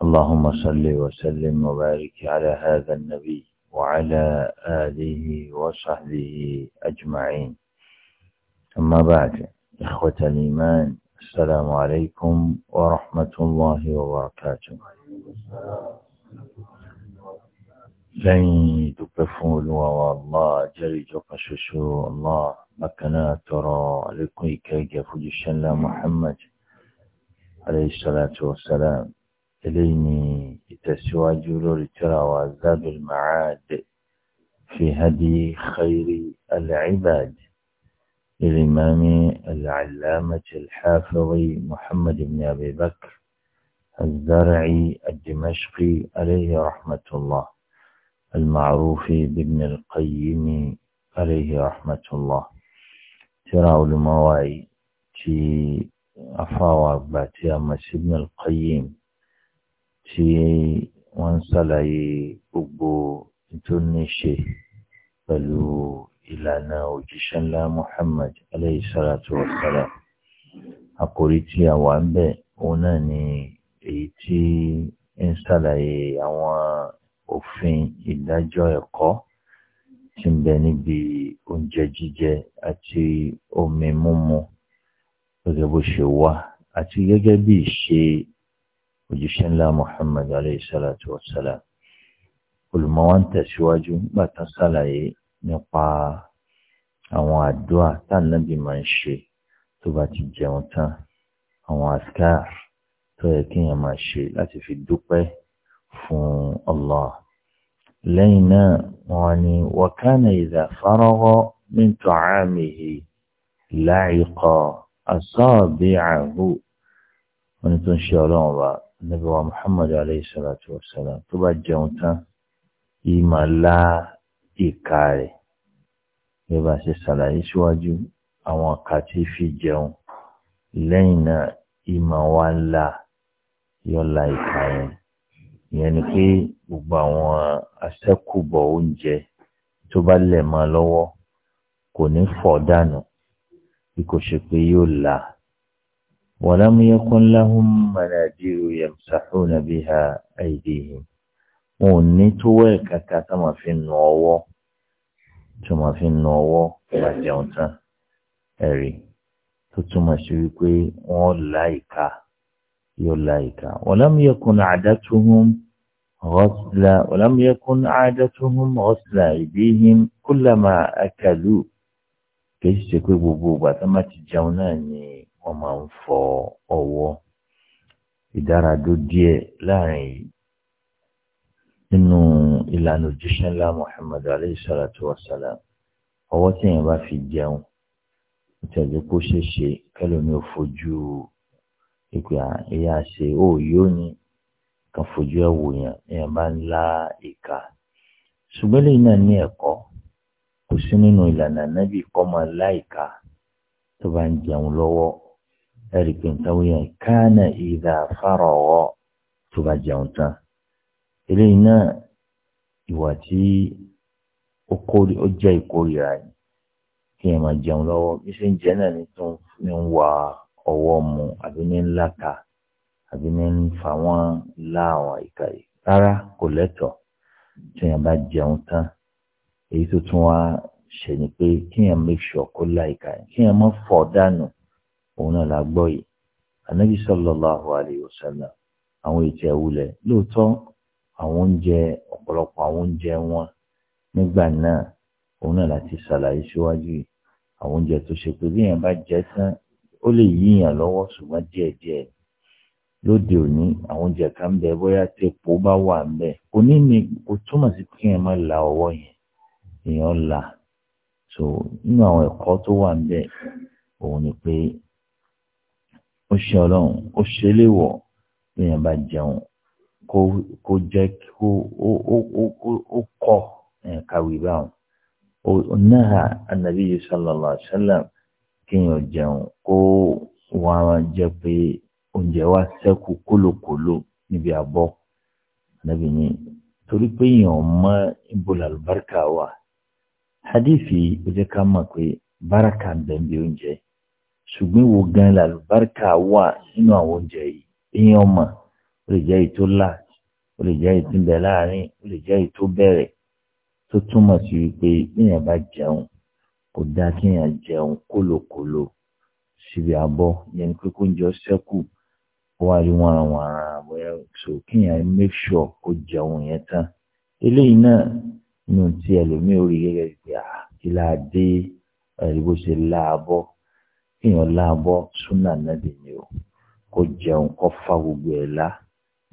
اللهم صل وسلم وبارك على هذا النبي وعلى آله وصحبه أجمعين أما بعد إخوة الإيمان السلام عليكم ورحمة الله وبركاته زين تقفوا لواء الله جريج الله مكنا ترى لقيك يفجش الله محمد عليه الصلاة والسلام إليني ni ìtẹ̀síwájú lórí المعاد في هدي خير العباد hadi للإمام العلامة الحافظ محمد بن أبي بكر الزرعي الدمشقي عليه رحمة الله المعروف بابن القيم عليه رحمة الله ترى المواعي تي أفاوى باتيا أمس ابن القيم tí wọ́n ń ṣàlàyé gbogbo tó ní ṣe pẹ̀lú ìlànà òjíṣẹ́ ńlá Muhammad alayhi salatu wa salam àkòrí tí a wà ń bẹ̀ òun náà ni èyí tí ń ṣàlàyé àwọn òfin ìdájọ́ ẹ̀kọ́ tí ń bẹ níbi oúnjẹ jíjẹ àti omi múmu gẹ́gẹ́ bó ṣe wà àti gẹ́gẹ́ bí ìṣe òjíṣẹ́ ńlá Muhammad alayhi salatu wa salam olùmọ̀ wa ń tẹ̀síwájú nígbà tán ṣàlàyé nípa àwọn àdúrà táànábì máa ń ṣe tó bá ti jẹun tán àwọn askar tó yẹ kéèyàn máa ṣe láti fi dúpẹ́ fún Allah lẹ́yìn náà wọ́n ní wa kana idha faragha min ta'amihi la'iqa asabi'ahu wọ́n ní tó ń ṣe ọlọ́run wa Ànábì wa Muhammad alayhi salatu wa salam tó bá jẹun tán yìí máa lá ìka rẹ̀ bí bá ṣe ṣàlàyé síwájú àwọn ọ̀ka tí fi jẹun lẹ́yìn náà yìí máa wá lá yọ̀la ìka yẹn ìyẹn ni pé gbogbo àwọn aṣẹ́kùbọ̀ oúnjẹ tó bá lẹ̀ mọ́ lọ́wọ́ kò ní fọ̀ dànù bí kò ṣe pé yóò là ولم يكن لهم مناديل يمسحون بها أيديهم wọn ò ní tó wẹ̀ kàkà tá máa fi nu ọwọ́ tó máa fi nu ọwọ́ bá jẹun tán ẹ̀rí tó túmọ̀ sí wípé wọ́n láìka yóò láìka ولم يكن عادتهم غسل ولم يكن عادتهم غسل أيديهم كلما أكلوا kì í ṣe pé gbogbo ìgbà tó máa ti jẹun náà ni wọ́n máa ń fọ ọwọ́ ìdáradó díẹ̀ láàrin yìí nínú ìlànà òjíṣẹ́ ńlá Muhammad alayhi salatu wa salam ọwọ́ tí èèyàn bá fi jẹun tẹ̀lé kó ṣe ṣe kẹlòmí ò fojú ìpè àyà ṣe ó yóò ní kan fojú ẹ̀ wò yàn èèyàn bá ń la ìka ṣùgbọ́n lẹ́yìn náà ní ẹ̀kọ́ kò sí nínú ìlànà nábì kọ́ máa la ìka tó bá ń jẹun lọ́wọ́ ẹ̀rí pé nǹkan wíyàn kánà ìdá fárọ̀wọ́ tó bá jẹun tán eléyìí náà ìwà tí ó kórè ó jẹ́ ìkórìíra yìí kí ẹ máa jẹun lọ́wọ́ bí ṣe ń jẹ náà ní tó ń wa ọwọ́ mu àbí ní ńlá ka àbí ní ń fa wọ́n lá ìka rárá kò lẹ́tọ̀ọ́ tí èèyàn bá jẹun tán èyí tó tún wá ṣe ni pé kí èèyàn make kó lá kí èèyàn má fọ̀ dànù òun náà la gbọ́ yìí anabi sallallahu alayhi wa sallam àwọn ètò ẹwulẹ lóòótọ́ àwọn oúnjẹ ọ̀pọ̀lọpọ̀ àwọn oúnjẹ wọn nígbà náà òun náà láti ṣàlàyé síwájú yìí àwọn oúnjẹ tó ṣe pé bíyàn bá jẹ tán ó lè yíyàn lọ́wọ́ ṣùgbọ́n díẹ̀díẹ̀ lóde òní àwọn oúnjẹ kan bẹ bóyá tepo bá wà ńbẹ kò ní ní kò túmọ̀ sí pé èèyàn máa la ọwọ́ yẹn èèyàn la so nínú àwọn ẹ̀kọ́ tó wà ńbẹ òun ni pé ó ṣe ọlọ́run ó ṣe léwọ̀ lèèyàn bá jẹun kó kó jẹ́ kó ó kọ́ kàwé báwọn. ó náà anabi sallallahu alaihi wasallam kéèyàn jẹun kó wọ́n jẹ́ pé oúnjẹ wa ṣẹ́kù kólókòló níbi àbọ̀ anabi ni torí pé èèyàn mọ ibola albarka wa hadithi ó jẹ́ ká mọ̀ pé baraka ń bẹ bí oúnjẹ ṣùgbọ́n wo gan làlùbáríkà wà nínú àwọn oúnjẹ yìí èèyàn mọ̀ ó lè jẹ́ èyí tó láàjì ó lè jẹ́ èyí tó bẹ̀ láàrin ó lè jẹ́ èyí tó bẹ̀rẹ̀ tó túmọ̀ sí wípé èèyàn bá jẹun kò dáa kí èèyàn jẹun kólókòló síbi abọ́ yẹn ni pé kó ń jọ sẹ́kù ó wá rí wọn àwọn ará àwọn so kí èèyàn make sure kó jẹun yẹn tán eléyìí náà nínú tí ẹlòmíì ó rí gẹ́gẹ́ bí i ah, àkílà dé ẹ̀rí bó ṣe láàbọ̀ kíyàn láàbọ̀ súnà nàbì ni o kó jẹun kó fa gbogbo ẹ̀ la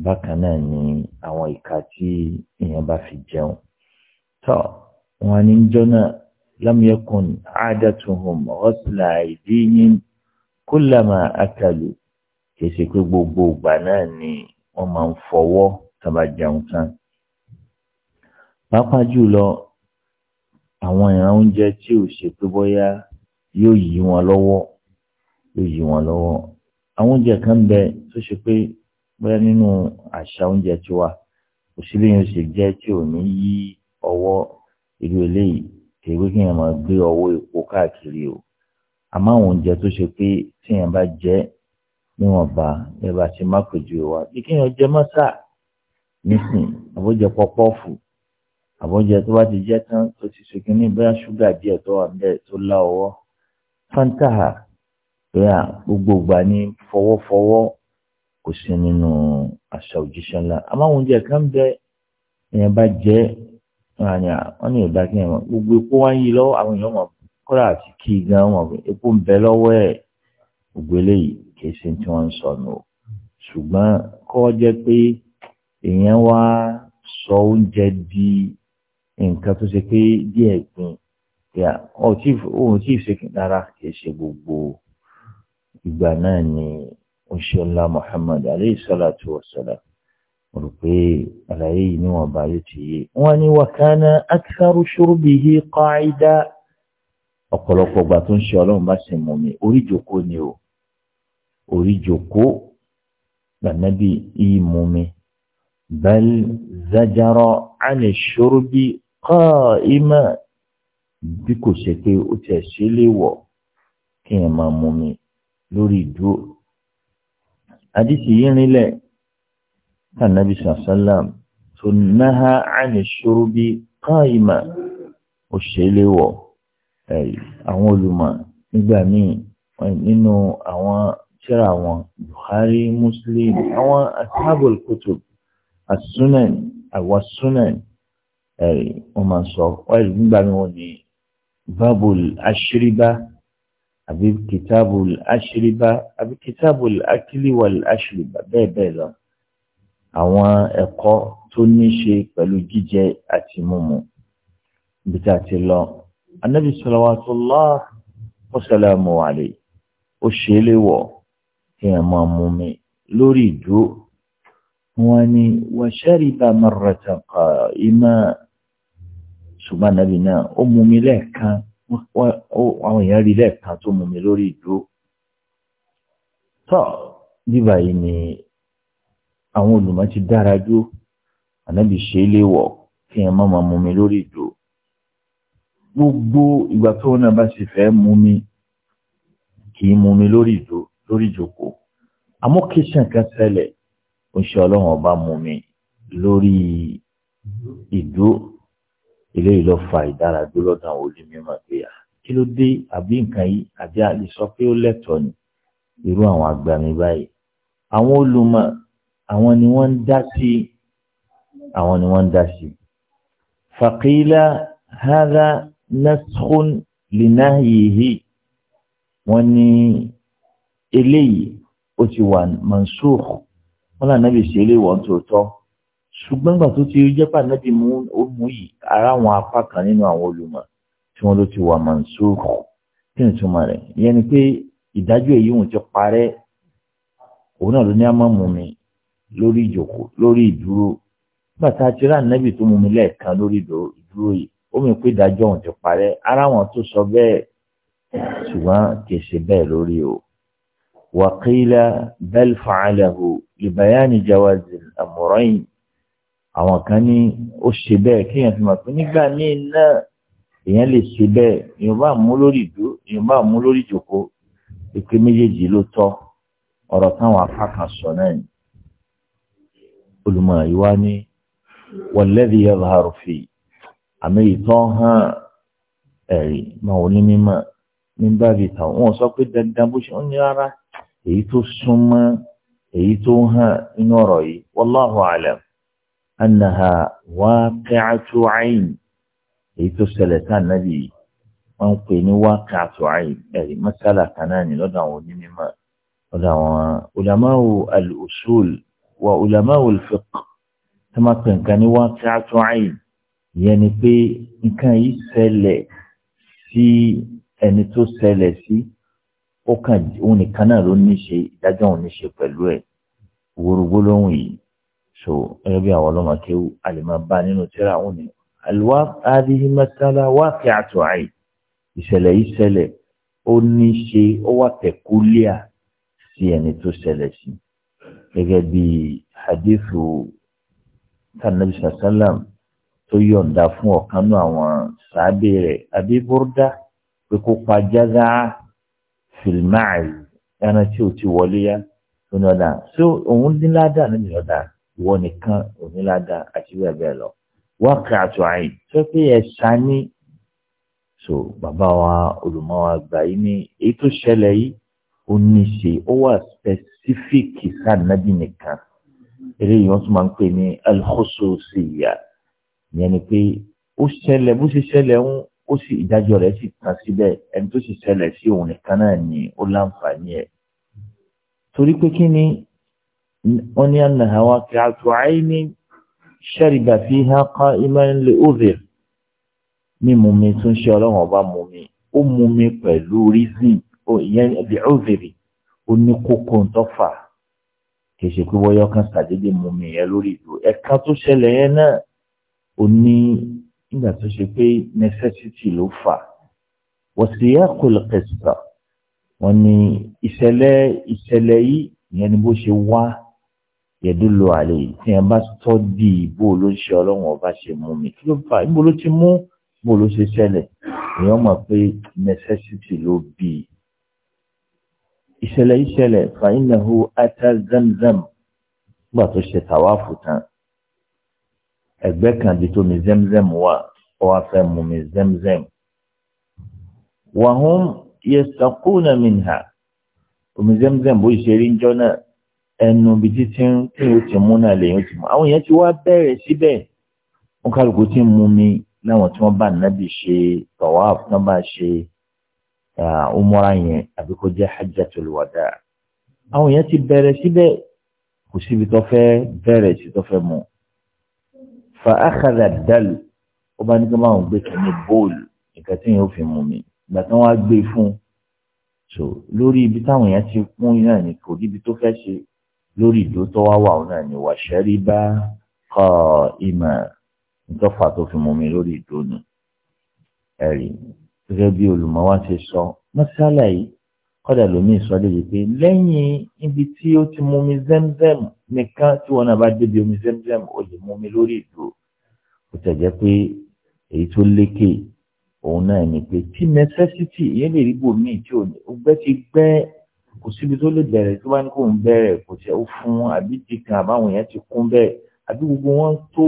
bákan náà ni àwọn ìka tí èèyàn bá fi jẹun tọ́ wọn ní jọ́nà lam yakun àádàtúhùn ọ̀sìlà ìdíyìn kullama akalu kìí ṣe pé gbogbo ìgbà náà ni wọ́n máa ń fọwọ́ tàbá jẹun tán pàápàá jùlọ àwọn ìran oúnjẹ tí ò ṣe pé bóyá yóò yí wọn lọ́wọ́ ló yí wọn lọ́wọ́ àwọn oúnjẹ kan bẹ tó ṣe pé bóyá nínú àṣà oúnjẹ tiwa kò sí léyìn oṣù jẹ tí ò ní yí ọwọ́ irú eléyìí kèwé kí èèyàn máa gbé ọwọ́ epo káàkiri o àmọ́ àwọn oúnjẹ tó ṣe pé tí èèyàn bá jẹ níwọ̀nba ẹ bá ti má pèjú wa bí kéèyàn jẹ mọ́sà nísìn àbójẹ pọpọ́ọ̀fù àbójẹ tó bá ti jẹ tán tó ti ṣe kínní bóyá ṣúgà díẹ̀ tó wà ń tó lá ọwọ́ fáńtà pé à gbogbo ìgbà ní fọwọ́fọwọ́ kò sí nínú àṣà òjíṣẹ́ ńlá àmọ́ oúnjẹ kan bẹ èèyàn bá jẹ àyà wọn ní ìdá kí èèyàn gbogbo epo wá ń yí lọ́wọ́ àwọn èèyàn wọn kọ́ra àti kí gan wọn epo ń bẹ lọ́wọ́ ẹ̀ gbogbo eléyìí kì í ṣe tí wọ́n ń sọ nù ṣùgbọ́n kọ́ jẹ́ pé èèyàn wá sọ oúnjẹ di nǹkan tó ṣe pé díẹ̀ gbìn òun tí ì ṣe rárá kì í ṣe gbogbo ìgbà náà ni oṣoola Muhammad aleyhi salatu wa salam mo rò pé àlàyé yìí níwọ̀n bá yóò ti yé wọn ni wakana akitharu shurubihi qaida ọ̀pọ̀lọpọ̀ ìgbà tó ń ṣe ọlọ́run bá ṣe mọ̀ mi orí ìjòkó ni o orí ìjòkó gbànábì yìí mú mi bal zajara ani shurubi qaima bí kò ṣe pé ó tiẹ̀ ṣe léwọ̀ kí n máa mú mi lórí ìdúró àdìsí yìí rinlẹ̀ kànábì sàlám tó náà àní ṣòrobí káàyìmá òṣèlè wọ̀ àwọn olùmọ̀ nígbà míì nínú àwọn tírà wọn Bukhari Muslim àwọn ashabul kutub asunan àwa sunan wọ́n máa sọ wọ́n nígbà míì wọ́n ní babul ashriba àbí kìtàbù àṣìríbá àbí kìtàbù àkílíwà àṣìríbá bẹ́ẹ̀ bẹ́ẹ̀ lọ àwọn ẹ̀kọ́ tó ní ṣe pẹ̀lú jíjẹ àti mímu ibi tá a ti lọ anabi salawatullah wasalamu alayhi ó ṣe é léwọ̀ kí ẹ máa mú mi lórí ìdúró wọn ni wa shariba marratan qa'ima ṣùgbọ́n anabi náà ó mú mi lẹ́ẹ̀kan àwọn èèyàn rí lẹ́ẹ̀kan tó mú mi lórí ìdúró tọ́ bíbà yìí ni àwọn olùmọ̀ ti dára jù ànábì ṣe é léwọ̀ kí èèyàn má máa mú mi lórí ìdúró gbogbo ìgbà tó náà bá sì fẹ́ mú mi kì í mú mi lórí ìdúró lórí ìjókòó àmọ́ kan ṣẹlẹ̀ ó ọlọ́run ọba mú mi lórí ìdúró eléyìí ló fa ìdáradúró lọ́dọ̀ àwọn olùmímọ̀ pé à kí ló dé àbí nǹkan yìí àbí a lè sọ pé ó lẹ́tọ̀ọ́ ni irú àwọn agbami báyìí àwọn olùmọ̀ àwọn ni wọ́n ń dá sí i àwọn ni wọ́n ń dá sí i. faqila hadha naskhun linahyihi wọ́n ní eléyìí ó ti wà mansukh wọ́n lànà bí ṣe eléyìí tó tọ́ ṣùgbọ́n gbà tó ti jẹ́ pàdánù mú ó mú yìí ara àwọn apá kan nínú àwọn olùmọ̀ tí wọ́n ló ti wà mọ̀nsóòkù kí ni túmọ̀ rẹ̀ ìyẹn ni pé ìdájọ́ èyí òun ti parẹ́ òun náà ló ní àmọ́ mi lórí ìjòkó lórí ìdúró nígbà tá a ti rá nẹ́bì tó mú mi lẹ́ẹ̀kan lórí ìdúró yìí ó mi pé ìdájọ́ òun ti parẹ́ ara àwọn tó sọ bẹ́ẹ̀ ṣùgbọ́n kì í ṣe bẹ́ẹ̀ lórí o wàkílà bẹ́ẹ̀ fàálẹ̀ hù ìbáyánì jawazil amúrọ́yìn àwọn kan ní ó ṣe bẹ́ẹ̀ kéèyàn fi mọ̀ pé nígbà míì náà èèyàn lè ṣe bẹ́ẹ̀ èèyàn bá mú lórí ìdó èèyàn bá mú lórí ìjòkó méjèèjì ló tọ́ ọ̀rọ̀ táwọn apá kan sọ náà ni olùmọ̀ ìwá ní wọ̀lẹ́dì yẹ́bàárù fi àmì ìtọ́ hàn ẹ̀rí máa wọ ní nígbà bíi tàwọn wọn sọ pé dandan bó ṣe ń ní rárá èyí wallahu annaha waqi'atu 'ayn èyí tó ṣẹlẹ̀ sáà nábì yìí wọ́n ń pè ní waqi'atu 'ayn ẹ̀rí masala kan náà ní lọ́dọ̀ àwọn onímọ̀ lọ́dọ̀ àwọn ulamawu al-usul wa ulamawu al-fiqh tó máa pè nǹkan ní waqi'atu 'ayn ìyẹn ni pé nǹkan yìí ṣẹlẹ̀ sí ẹni tó ṣẹlẹ̀ sí ó kàn òun nìkan náà ló ní ṣe ìdájọ́ òun ní ṣe pẹ̀lú ẹ̀ wòrògbólóhùn yìí so gẹ́gẹ́ bí àwọn ọlọ́mọ kéwú a lè máa bá nínú tíra òun ni àlùwá adìyí mẹ́tàlá wá fi àtọ àì ìṣẹ̀lẹ̀ yìí ṣẹlẹ̀ ó ní ṣe ó wà tẹkúlíà sí ẹni tó ṣẹlẹ̀ sí gẹ́gẹ́ bí hadithu tànàbí sàlám tó yọ̀ǹda fún ọ̀kan nú àwọn sàábẹ̀ rẹ̀ àbí pé kó pa jágá fìlmáì yánà tí ò ti wọlé yá tó ní ọ̀dà so òun dín ládàá níbi ọ̀dà ìwọ nìkan onílàdà àti bẹ́ẹ̀ bẹ́ẹ̀ lọ wọ́n kà àtò àyìn tó pé ẹ̀ṣá ní so bàbá wa olùmọ̀ wa gbà yìí ní èyí tó ṣẹlẹ̀ yìí ó ní ṣe ó wà spẹsifíkì sànàbí nìkan eléyìí wọ́n tún máa ń pè ní alhususiyya ìyẹn ni pé ó ṣẹlẹ̀ bó ṣe ṣẹlẹ̀ ń ó sì ìdájọ́ rẹ̀ sì tàn síbẹ̀ ẹni tó sì ṣẹlẹ̀ sí òun nìkan náà ni ó láǹfààní ẹ̀ torí pé kí ni wọ́n ní àná àwọn kìátù àìní ṣẹ́rìbà fi há ká ìmọ̀lẹ́ òvir ní mumi tún ṣe ọlọ́run ọba mumi ó mumi pẹ̀lú rizin ìyẹn bí òvir ó ní kókó ntọ́fà kì í ṣe pé wọ́n yọ kan ṣàdédé mumi yẹn lórí ìlú ẹ̀ka tó ṣẹlẹ̀ yẹn náà ó ní nígbà tó ṣe pé necessity ló fà wasiyaqu al-qissa wọ́n ní ìṣẹ̀lẹ̀ ìṣẹ̀lẹ̀ yìí ìyẹn ni bó ṣe wá yẹdúlò àlè tí wọn bá tọ́ di ìbò ló ń ṣe ọlọ́run ọba ṣe mú mi kí ló fà á ìbò ló ti mú ìbò ló ṣe ṣẹlẹ̀ èèyàn mọ̀ pé necessity ló bí i. ìṣẹ̀lẹ̀ ìṣẹ̀lẹ̀ fàyínàhó ata zamzam gbà tó ṣe tàwáfù tán ẹgbẹ́ kan di tómi zemzem wà ó wá mú mi zemzem. wàhún yẹ sàkúnà mìíràn omi zemzem bó ṣe rí jọ náà ẹnu ibi títí tí yóò ti mú náà lèyìn ti mú àwọn èèyàn ti wá bẹ̀rẹ̀ síbẹ̀ wọn kálukú ti mú mi láwọn tí wọ́n bá nábì ṣe tawaf tí wọ́n bá ṣe umura yẹn àbí kó jẹ́ hajjatul wada àwọn èèyàn ti bẹ̀rẹ̀ síbẹ̀ kò síbi tó fẹ́ bẹ̀rẹ̀ sí tó fẹ́ mú fa akhadha dal ó bá ní kí wọ́n gbé kí ní bóòlù nǹkan tí yóò fi mú mi ìgbà tí wọ́n á gbé fún so lórí ibi táwọn èèyàn ti kún náà ní kò rí tó fẹ́ ṣe lórí ìdó tó wá wà náà ni wàṣẹ́rí bá kọ́ ìmọ̀ ìtọ́fà tó fi mú mi lórí ìdó ni ẹ̀rí gẹ́gẹ́ bí olùmọ̀ wá ṣe sọ mọ́sálà yìí kọ́dà lómi sọ débi pé lẹ́yìn ibi tí ó ti mú mi zẹ́mzẹ́m nìkan tí wọn náà bá débi omi zẹ́mzẹ́m ó lè mú mi lórí ìdó ó tẹ̀jẹ́ pé èyí tó lékè òun náà ni pé tí necessity yẹn lè rí bòmíì tí ò ní ó ti gbẹ́ kò síbi tó lè bẹ̀rẹ̀ tó bá ní kò ń bẹ̀rẹ̀ kò tẹ̀ ó fún àbí dìkan àbáwọn èèyàn ti kún bẹ́ẹ̀ àbí gbogbo wọn tó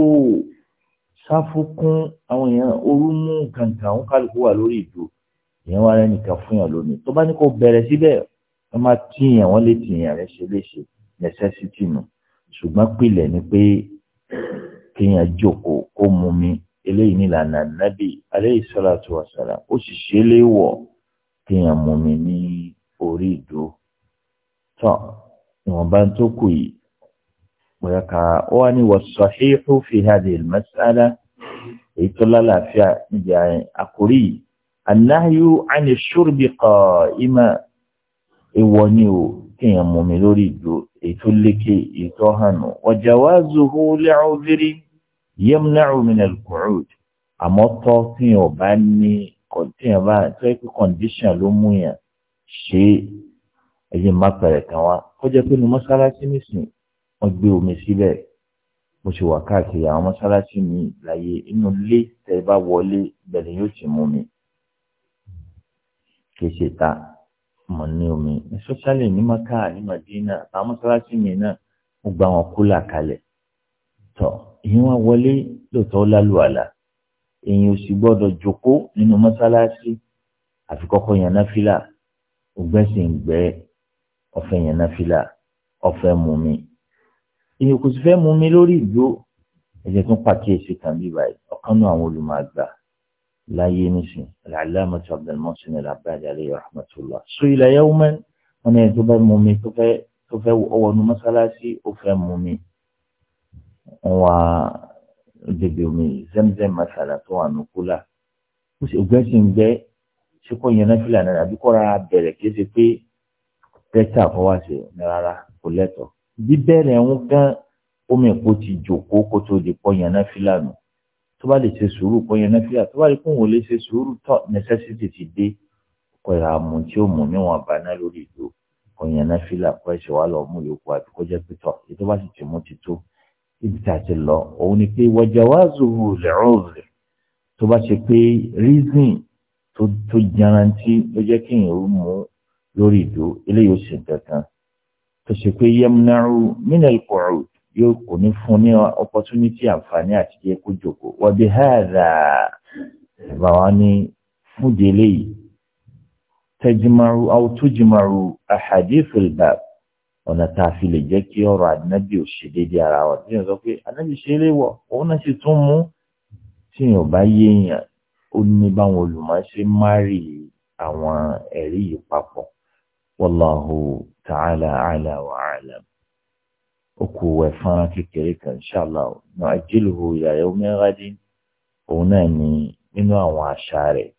sáfókún àwọn èèyàn orú mú gàǹgà ń kálukú wà lórí ìdò èèyàn wà rẹ nìkan fún yàn lónìí tó bá ní kò bẹ̀rẹ̀ síbẹ̀ wọ́n máa tíyàn wọ́n lè tíyàn rẹ ṣe léṣe necessity nù ṣùgbọ́n pilẹ̀ ni pé kéèyàn jókòó kó mu mi eléyìí ní ìlànà nábì alayhi salatu wassalam ó sì ṣe é léwọ̀ kéèyàn mu mi ní orí ìdúró tọ́ ìwọ̀nba tó kù yìí bóyá ká ó wá ní wàsàhíhù fi hadhihi al-mas'ala èyí tó lálàáfíà níbi àkórí yìí annahyu ani shurbi qa'ima ìwọ ni o kéèyàn mú mi lórí ìdúró èyí tó lékè èyí tó hànú wa jawazuhu li'udhri yamna'u min al-qu'ud àmọ́ tọ́ kéèyàn bá ní kéèyàn bá tó kọ́ndíṣàn ló mú yàn ṣe ẹ̀yìn má pẹ̀rẹ̀ kan wá ó jẹ́ pé ní mọ́ṣáláṣí nìsín wọ́n gbé omi síbẹ̀ mo ṣe wà káàkiri àwọn mọ́ṣáláṣí mi láyé inú ilé tẹ́ bá wọlé bẹ̀rẹ̀ yóò ti mú mi kì í ṣe ta mọ̀ ní omi especially ní maka ní madina àwọn mọ́ṣáláṣí mi náà mo gba wọn kúlà kalẹ̀ tọ́ ìyẹn wá wọlé lóòótọ́ lálùwàlà èyàn ò sì gbọ́dọ̀ jókòó nínú mọ́ṣáláṣí àfi kọ́kọ́ yàn náfìlà ògbẹ́ sì ń gbẹ́ ọ̀fẹ́ yẹn náà fìlà ọ̀fẹ́ mú mi èyí kò sì fẹ́ mú mi lórí ìgbó ẹ̀jẹ̀ tún pàkíyèsí kan bí báyìí ọ̀kan náà àwọn olùmọ̀gbà láyé nísìn al-allamah Abdul Muhsin al-Abbad alayhi rahmatullah su'ila yawman wọn ni tó fẹ́ mú mi tó fẹ́ tó mọ́sálásí ó fẹ́ mú mi wọn wá débi omi Zamzam masala tó wà nù kúlà ó sì gbẹ́sìn gbẹ́ ṣé kò yan náfìlà náà àbí kó rárá bẹ̀rẹ̀ kí ó ṣe pé bẹ́tà fọwọ́ ṣe rárá kò lẹ́tọ̀ọ́ bíbẹ̀rẹ̀ ń gán omi ìpò ti jòkó kó tó di pọ́ yan náfìlà nù tó bá lè ṣe sùúrù pọ́ yan náfìlà tó bá lè kó òun lè ṣe sùúrù tọ́ necessity ti dé kọ́ ìhà mú tí ó mú níwọ̀n àbáná lórí ìlú kọ́ yan náfìlà kọ́ ẹ̀ṣẹ̀ wà lọ mú yòókù àbí kó jẹ́ pé tọ́ ètò bá sì ti mú ti tó ibi tá a ti lọ òun ni pé wọ́jà wá zòwò lẹ́rọ̀ rẹ̀ tó bá ṣe pé reason tó jarantí ló jẹ́ kí èèyàn ó mú lórí ìdó eléyìí ó sì kankan tó ṣe pé yẹmunaru minel kọ̀ọ̀rù yóò kò ní fún ní opportunity àǹfààní àti jẹ́ kó jòkó wọ́bi hàdà bàbá wa ní fúnjẹ eléyìí tẹjimaru àwòtújimaru ahadithul bab ọ̀nà tá a fi lè jẹ́ kí ọ̀rọ̀ ànábì ò ṣe déédéé ara wa bí wọ́n sọ pé ànábì ṣe é léwọ̀ òun náà sì tún mú tí èèyàn bá yéèyàn ó ní báwọn olùmọ̀ ṣe márì àwọn ẹ̀rí yìí papọ̀ wallahu ta'ala ala wa alam ó kù ẹ̀fọn kékeré kan inshallah nu'ajjiluhu ila yawmi ghadin òun náà ni nínú àwọn àṣà rẹ̀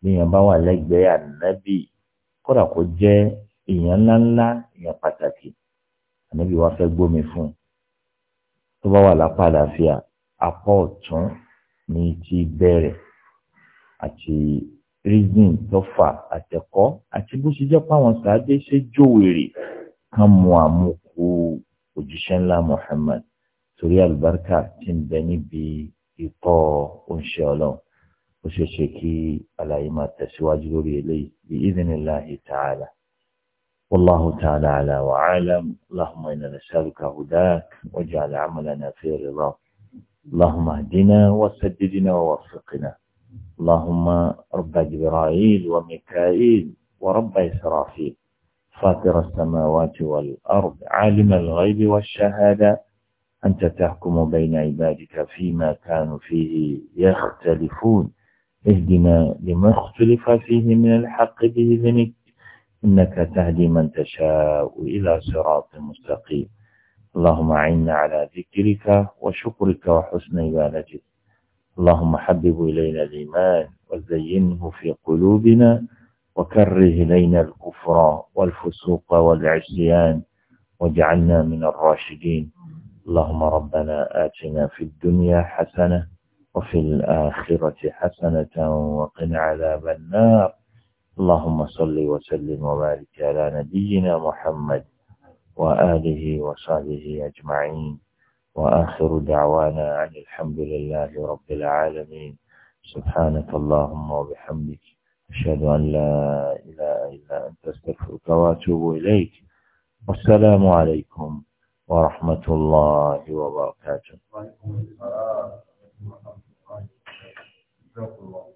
bí èèyàn bá wà lẹ́gbẹ̀ẹ́ ànábì kódà kó jẹ́ èèyàn ńláńlá èèyàn pàtàkì ànábì wa fẹ́ gbómi fún un tó bá wà lápá àlàáfíà apá ọ̀tún ní ti bẹ̀rẹ̀ àti rígìn tọ́fà àtẹ̀kọ́ àti bó ṣe jẹ́ páwọn sàádé ṣe jòwèrè kan mu àmúkú òjíṣẹ́ ńlá Muhammad torí àlùbáríkà ti ń bẹ níbi ikọ́ oúnjẹ ọlọ́run ó ṣe ṣe kí àlàyé máa tẹ̀síwájú lórí eléyìí bí idhnillahi ta'ala wallahu ta'ala ala wa alam allahumma inna nas'aluka hudak waj'al amalana fi ridak allahumma hdina wa saddidina wa waffiqna. اللهم رب جبرائيل وميكائيل ورب إسرافيل فاطر السماوات والأرض عالم الغيب والشهادة أنت تحكم بين عبادك فيما كانوا فيه يختلفون اهدنا لما اختلف فيه من الحق بإذنك إنك تهدي من تشاء إلى صراط مستقيم اللهم عنا على ذكرك وشكرك وحسن عبادتك اللهم حبب إلينا الإيمان وزينه في قلوبنا وكره إلينا الكفر والفسوق والعصيان واجعلنا من الراشدين اللهم ربنا آتنا في الدنيا حسنة وفي الآخرة حسنة وقنا عذاب النار اللهم صل وسلم وبارك على نبينا محمد وآله وصحبه أجمعين وآخر دعوانا عن الحمد لله رب العالمين سبحانك اللهم وبحمدك أشهد أن لا إله إلا أنت استغفرك وأتوب إليك والسلام عليكم ورحمة الله وبركاته.